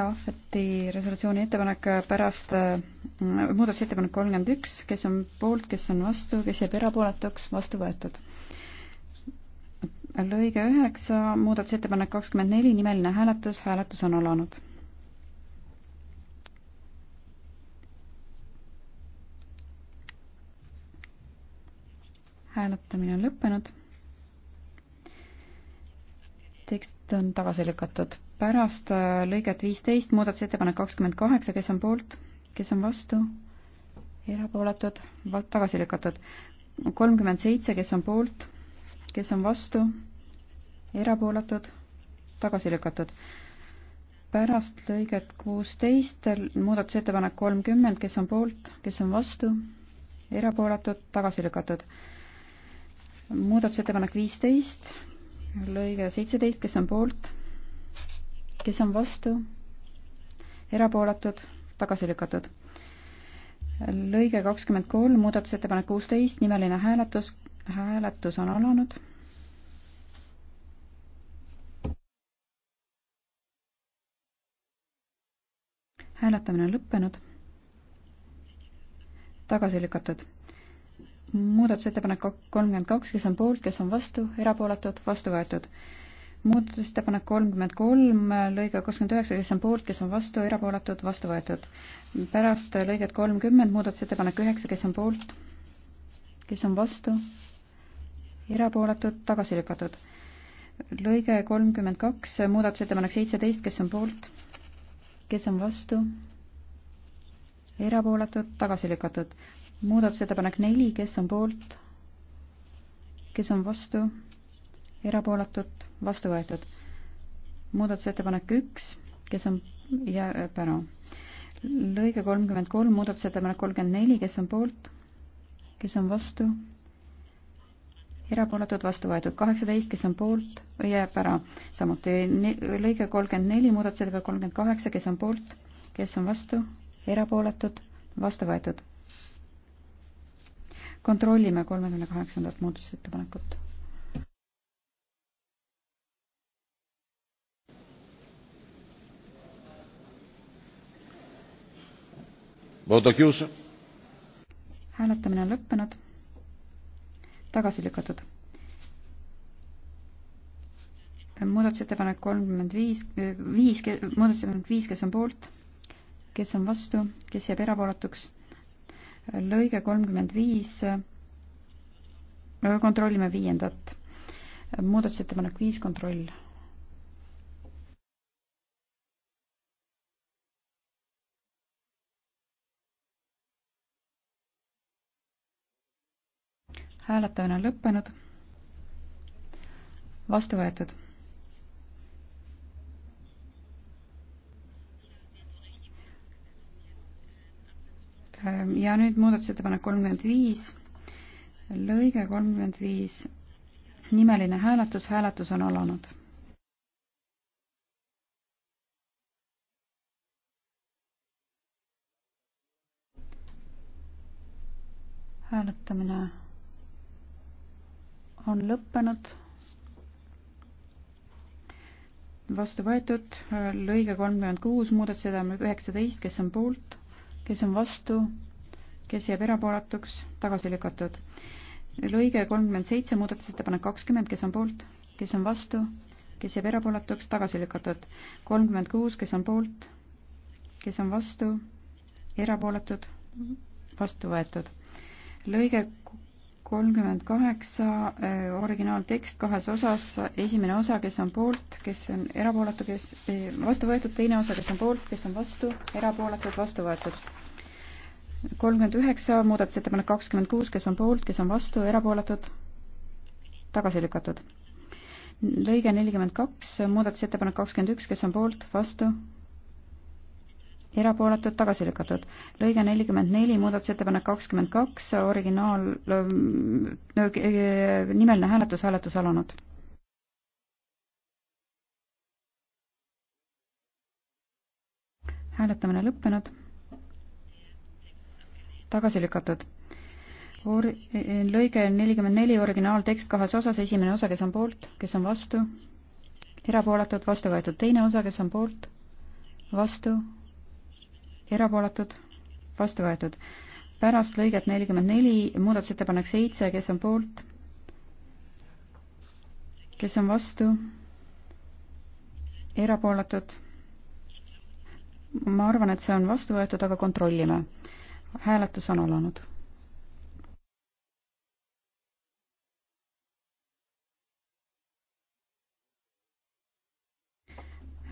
Speaker 4: Ahveti resolutsiooni ettepanek pärast mm, muudatusettepanek kolmkümmend üks, kes on poolt, kes on vastu, kes jääb erapooletuks, vastu võetud. lõige üheksa, muudatusettepanek kakskümmend neli, nimeline hääletus, hääletus on alanud. hääletamine on lõppenud tekst on tagasi lükatud. pärast äh, lõiget viisteist muudatusettepanek kakskümmend kaheksa, kes on poolt, kes on vastu, erapooletud, tagasi lükatud. kolmkümmend seitse, kes on poolt, kes on vastu, erapooletud, tagasi lükatud. pärast lõiget kuusteist muudatusettepanek kolmkümmend, kes on poolt, kes on vastu, erapooletud, tagasi lükatud. muudatusettepanek viisteist, lõige seitseteist, kes on poolt, kes on vastu, erapooletud, tagasi lükatud. lõige kakskümmend kolm, muudatusettepanek kuusteist, nimeline hääletus, hääletus on alanud. hääletamine on lõppenud, tagasi lükatud muudatusettepanek kolmkümmend kaks, kes on poolt, kes on vastu, erapooletud, vastu võetud. muudatusettepanek kolmkümmend kolm, lõige kakskümmend üheksa, kes on poolt, kes on vastu, erapooletud, vastu võetud. pärast lõiget kolmkümmend, muudatusettepanek üheksa, kes on poolt, kes on vastu, erapooletud, tagasi lükatud. lõige kolmkümmend kaks, muudatusettepanek seitseteist, kes on poolt, kes on vastu, erapooletud, tagasi lükatud muudatusettepanek neli, kes on poolt, kes on vastu, erapooletud, vastu võetud. muudatusettepanek üks, kes on ja äh, Pärnu. lõige kolmkümmend kolm, muudatusettepanek kolmkümmend neli, kes on poolt, kes on vastu, erapooletud, vastu võetud. kaheksateist, kes on poolt, jääb ära. Äh, samuti lõige kolmkümmend neli, muudatusettepanek kolmkümmend kaheksa, kes on poolt, kes on vastu, erapooletud, vastu võetud kontrollime kolmekümne kaheksandat muudatusettepanekut. hääletamine on lõppenud. tagasi lükatud. muudatusettepanek kolmkümmend viis, viis, muudatusettepanek viis, kes on poolt, kes on vastu, kes jääb erapooletuks lõige kolmkümmend viis, kontrollime viiendat. muudatusettepanek viis, kontroll. hääletamine on lõppenud. vastu võetud Ähm, ja nüüd muudatusettepanek kolmkümmend viis, lõige kolmkümmend viis, nimeline hääletus, hääletus on alanud. hääletamine on lõppenud. vastu võetud lõige kolmkümmend kuus, muudatusettepanek üheksateist, kes on poolt kes on vastu, kes jääb erapooletuks, tagasi lükatud. lõige kolmkümmend seitse, muudatusettepanek kakskümmend, kes on poolt, kes on vastu, kes jääb erapooletuks, tagasi lükatud. kolmkümmend kuus, kes on poolt, kes on vastu, erapooletud, vastu võetud. lõige kolmkümmend kaheksa, äh, originaaltekst kahes osas, esimene osa, kes on poolt, kes on erapooletu, kes äh, vastu võetud, teine osa, kes on poolt, kes on vastu, erapooletud, vastu võetud. kolmkümmend üheksa, muudatusettepanek kakskümmend kuus, kes on poolt, kes on vastu, erapooletud, tagasi lükatud. lõige nelikümmend kaks, muudatusettepanek kakskümmend üks, kes on poolt, vastu, erapooletud, tagasi lükatud. lõige nelikümmend neli, muudatusettepanek kakskümmend kaks, originaal, eh, eh, nimeline hääletus, hääletus alanud. hääletamine lõppenud. tagasi lükatud. Or-, eh, lõige nelikümmend neli, originaaltekst kahes osas, esimene osa, kes on poolt, kes on vastu, erapooletud, vastu võetud, teine osa, kes on poolt, vastu erapooletud, vastu võetud. pärast lõiget nelikümmend neli, muudatusettepanek seitse, kes on poolt? kes on vastu? erapooletud? ma arvan, et see on vastu võetud, aga kontrollime. hääletus on alanud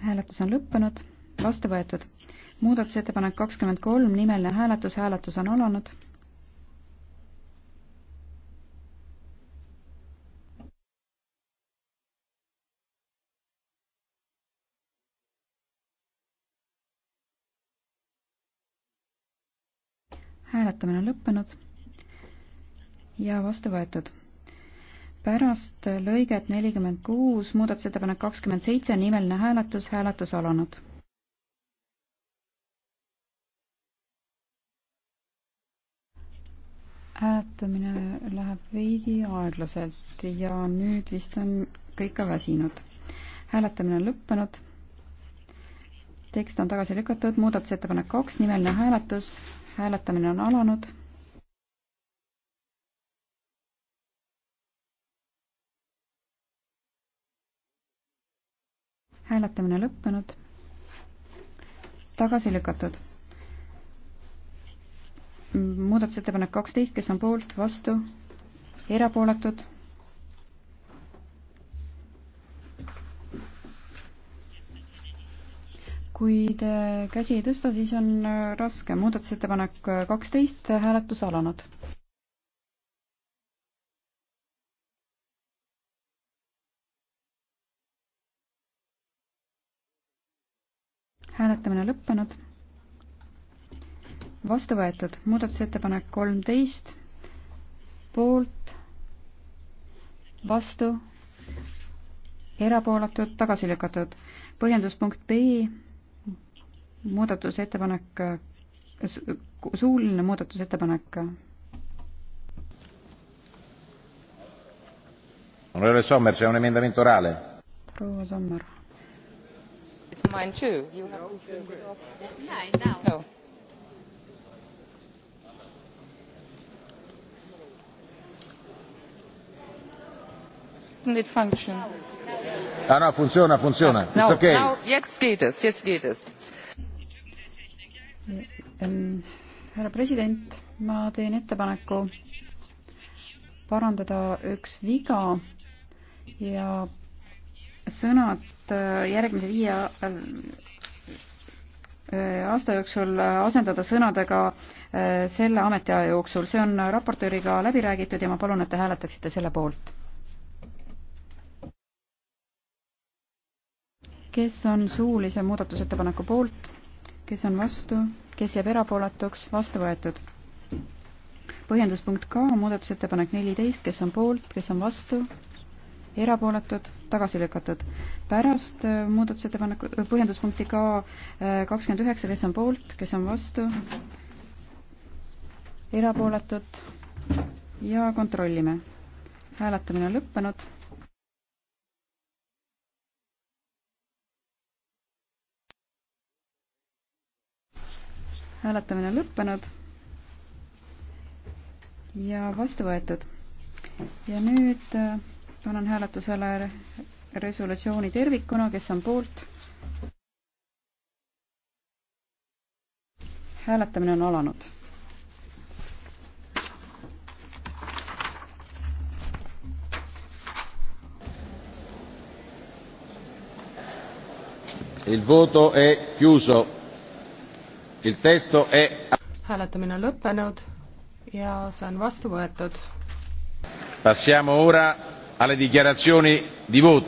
Speaker 4: hääletus on lõppenud, vastu võetud muudatusettepanek kakskümmend kolm, nimeline hääletus, hääletus on alanud. hääletamine on lõppenud ja vastu võetud pärast lõiget nelikümmend kuus, muudatusettepanek kakskümmend seitse, nimeline hääletus, hääletus alanud hääletamine läheb veidi aeglaselt ja nüüd vist on kõik ka väsinud. hääletamine on lõppenud. tekst on tagasi lükatud, muudatusettepanek kaks, nimeline hääletus.
Speaker 3: hääletamine on alanud
Speaker 4: hääletamine lõppenud, tagasi lükatud muudatusettepanek kaksteist, kes on poolt, vastu, erapooletud. kui te käsi ei tõsta, siis on äh, raske. muudatusettepanek äh, kaksteist, hääletus alanud. hääletamine lõppenud vastu võetud. muudatusettepanek kolmteist, poolt, vastu, erapooletud, tagasi lükatud. põhjenduspunkt B, muudatusettepanek, suuline muudatusettepanek.
Speaker 2: Onorevole Sommer, see on emendamento orale.
Speaker 4: proua Sommer.
Speaker 3: It's mine too. You have to. No. didn't it function?
Speaker 2: Ah, no, funziona, funziona. No, It's okay. Now,
Speaker 3: jetzt geht es, jetzt geht es. Ähm,
Speaker 4: härra president, ma teen ettepaneku parandada üks viga ja sõnad äh, järgmise viie äh, aasta jooksul asendada sõnadega äh, selle ametiaja jooksul. see on raportööriga läbi räägitud ja ma palun, et te hääletaksite selle poolt kes on suulise muudatusettepaneku poolt, kes on vastu, kes jääb erapooletuks, vastu võetud. põhjendus punkt K, muudatusettepanek neliteist, kes on poolt, kes on vastu, erapooletud, tagasi lükatud. pärast äh, muudatusettepaneku, äh, põhjenduspunkti K äh, kakskümmend üheksa, kes on poolt, kes on vastu, erapooletud ja kontrollime. hääletamine on lõppenud hääletamine on lõppenud ja vastu võetud. ja nüüd panen äh, hääletusele resolutsiooni tervikuna, kes on poolt. hääletamine on alanud.
Speaker 2: Il voto è chiuso
Speaker 1: hääletamine on lõppenud ja see on vastu võetud.